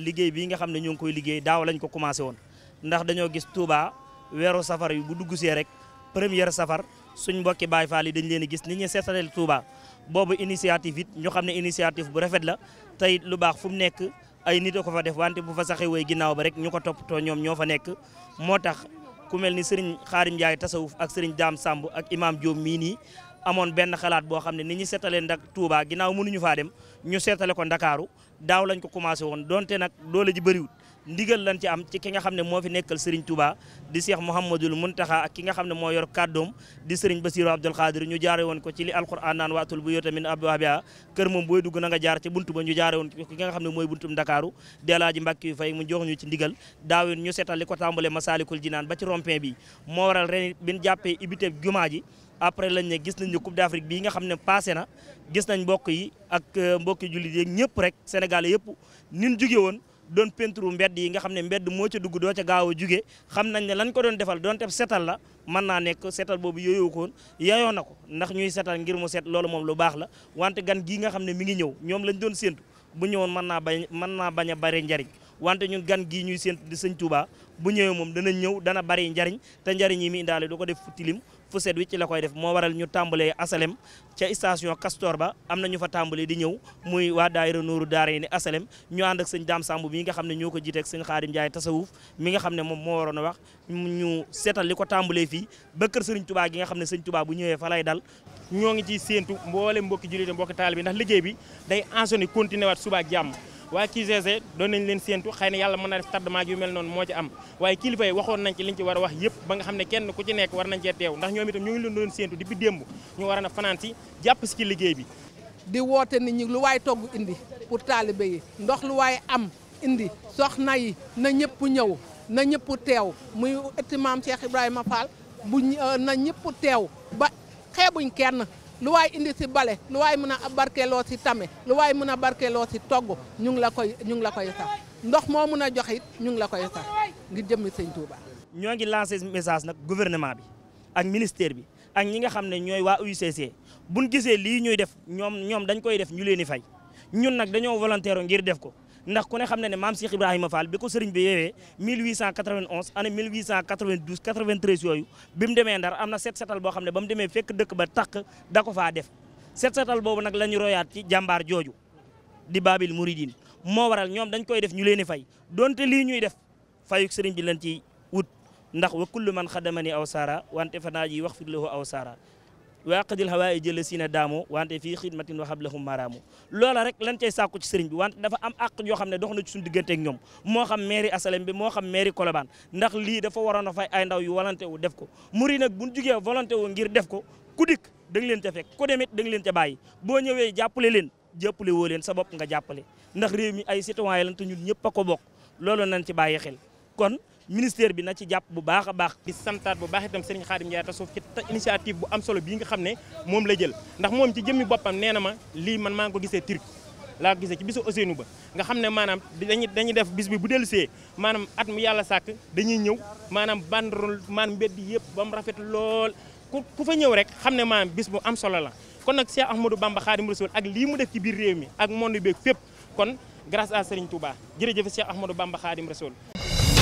liggéey bii nga xam ne ñoo ngi koy liggéey daaw lañ ko commencé woon ndax dañoo gis Touba weeru safar yu bu dugg see rek première safar suñ mbokki Baay Faal yi dañ leen gis nit ñi seetaleel Touba boobu initiative it ñu xam ne initiative bu rafet la tey lu baax fu mu nekk ay nit a ko fa def wante bu fa saxee way ginnaaw ba rek ñu ko toppatoo ñoom ñoo fa nekk moo tax ku mel ni sëriñ Xaarim Njaay tasawuf ak sëriñ Daam Samb ak imaam Diop mii nii amoon benn xalaat boo xam ne ni ñu seetalee ndak Touba ginnaaw mënuñu faa dem ñu seetale ko ndakaaru daaw lañ ko commencé woon donte nag doole ji bëriwut ndigal lañ ci am ci ki nga xam ne moo fi nekkal Serigne Touba di Cheikh Mouhamadul Mountakha ak ki nga xam ne moo yor kàddoom di Serigne Bassirou Abdoul Khadir ñu jaare woon ko ci li alquran naan waatul bu yota min abwaabiha kër jaar ci buntu ba ñu jaare woon ne mooy buntum Ndakaaru di Alaaji Mbàkke yu fay mu jox ñu ci ndigal daaw ñu seetal li ko tàmbalee Masaalikul Jinaan ba ci bi moo waral ren bin jàppee ibiteb jumaa ji après lañ ne gis nañ ne Coupe d'Afrique bii nga xam ne passé na gis nañ mbokk yi ak euh, mbokki jullit yi ñëpp rek Sénégal yëpp nin jóge woon doon peinturu mbedd yi nga xam ne mbedd moo ca dugg doo ca gaaw a jugee xam nañ ne lañ ko doon defal doon teb setal la mën naa nekk setal boobu yooyu koon yayoo na ko ndax ñuy setal ngir mu set loolu moom lu baax la wante gan gii nga xam ne mi ngi ñëw ñoom lañ doon séentu bu ñëwoon mën naa bañ mën naa bañ a bare njariñ wante ñun gan gii ñuy sént di sëñ Touba bu ñëwee moom dana ñëw dana bari njariñ te njariñ yi mu indaale du ko def fu tilim fu set wi ci la koy def moo waral ñu tàmbalee asalem ca station Castor ba am na ñu fa tàmbalee di ñëw muy waa daayira Nuuru Daara yi ne asalem ñu ànd ak sëñ Daam Samb mi nga xam ne ñoo ko jiiteeg sëñ Xaadim Njaay tasawuf mi nga xam ne moom moo waroon a wax ñu seetal li ko tàmbalee fii ba kër sëriñ Touba gi nga xam ne sëñ Touba bu ñëwee fa lay dal ñoo ngi ciy séentu mboole mbokki jullit mbokki taalibe bi ndax liggéey bi day enchaîner continuer waat suba jàmm waa QCG doon nañ leen séentu xëy na yàlla mën na def tardement yu mel noonu moo ci am waaye kilifa waxoon nañ ci liñ ci war a wax yëpp ba xam ne kenn ku ci nekk war nañ cee teew ndax ñoom itam ñu ngi leen doon séentu di bi démb ñu war a fanaan si jàpp si ci liggéey bi di woote nit ñu lu waaye togg indi pour taalibe yi ndox lu waaye am indi soxna yi na ñëpp ñëw na ñëpp teew muy ëtti maam Cheikh Ibrahima Fall bu euh, na ñëpp teew ba xeebuñ kenn lu waay indi si bale lu waay mën a barkeeloo si tame lu waay mën a barkeeloo si togg ñu ngi la koy ñu ngi la koy sax ndox moo mun a joxe it ñu ngi la koy sax ngir jëmmi sëñ Touba. ñoo ngi lancé message nag gouvernement bi ak ministère bi ak ñi nga xam ne ñooy waa UCC buñ gisee lii ñuy def ñoom ñoom dañ koy def ñu leen di fay ñun nag dañoo volontaire ngir def ko. ndax ku ne xam ne ne maam Cheikh Ibrahima Fall bi ko sëriñ bi yeewee 1891 année 1892 93 yooyu bi mu demee ndar am na set setal boo xam ne ba mu demee fekk dëkk ba tàq da ko faa def set setal boobu nag la ñu royaat ci jàmbaar jooju di Babil Mouridine moo waral ñoom dañ koy def ñu leen fay donte lii ñuy def fayuk sëriñ bi lañ ci wut ndax wa kullu man xadamani aw saara wante fanaa ji wax firlahu aw saara waaqadil hawaayi jëla si na daamu wante fii xidmatin wa hablahum maraamu loola rek lan cay sàkku ci sëriñ bi wante dafa am àq yoo xam ne dox na ci suñu diggante ñoom moo xam mairie asalem moo xam mairie kolobaan ndax lii dafa waroon a fay ay ndaw yu volonté wu def ko muri nag buñ jugee volonté wu ngir def ko ku dikk da nga leen ca fekk ku demit da nga leen ca bàyyi boo ñëwee jàppale leen jàppale leen sa bopp nga jàppale ndax réew mi ay citoyen lan te ñun ñëpp a ko bokk loolu nañ ci bàyyi xel kon ministère bi na ci japp bu baaxa baax di santat bu baax itam Serigne Khadim Ndiaye Tassouf ci initiative bu am solo bi nga xam ne la jël ndax mom ci jëmmi bopam nee na ma lii man ma ngi ko gissé Turquie la gissé ci bisu oseenu ba nga xam ne dañuy dañuy def bis bi bu dellusee manam at mu yàlla sàkk dañuy ñëw manam banderole man mbedd yépp bam rafet lool ku fa ñëw rek ne bis bu am solo la kon nak Cheikh Ahmadou Bamba Khadim rasoul ak li mu def ci biir réew mi ak monde beeg fep kon grâce à Serigne Touba jërëjëf Cheikh Ahmadou Bamba Khadim rasoul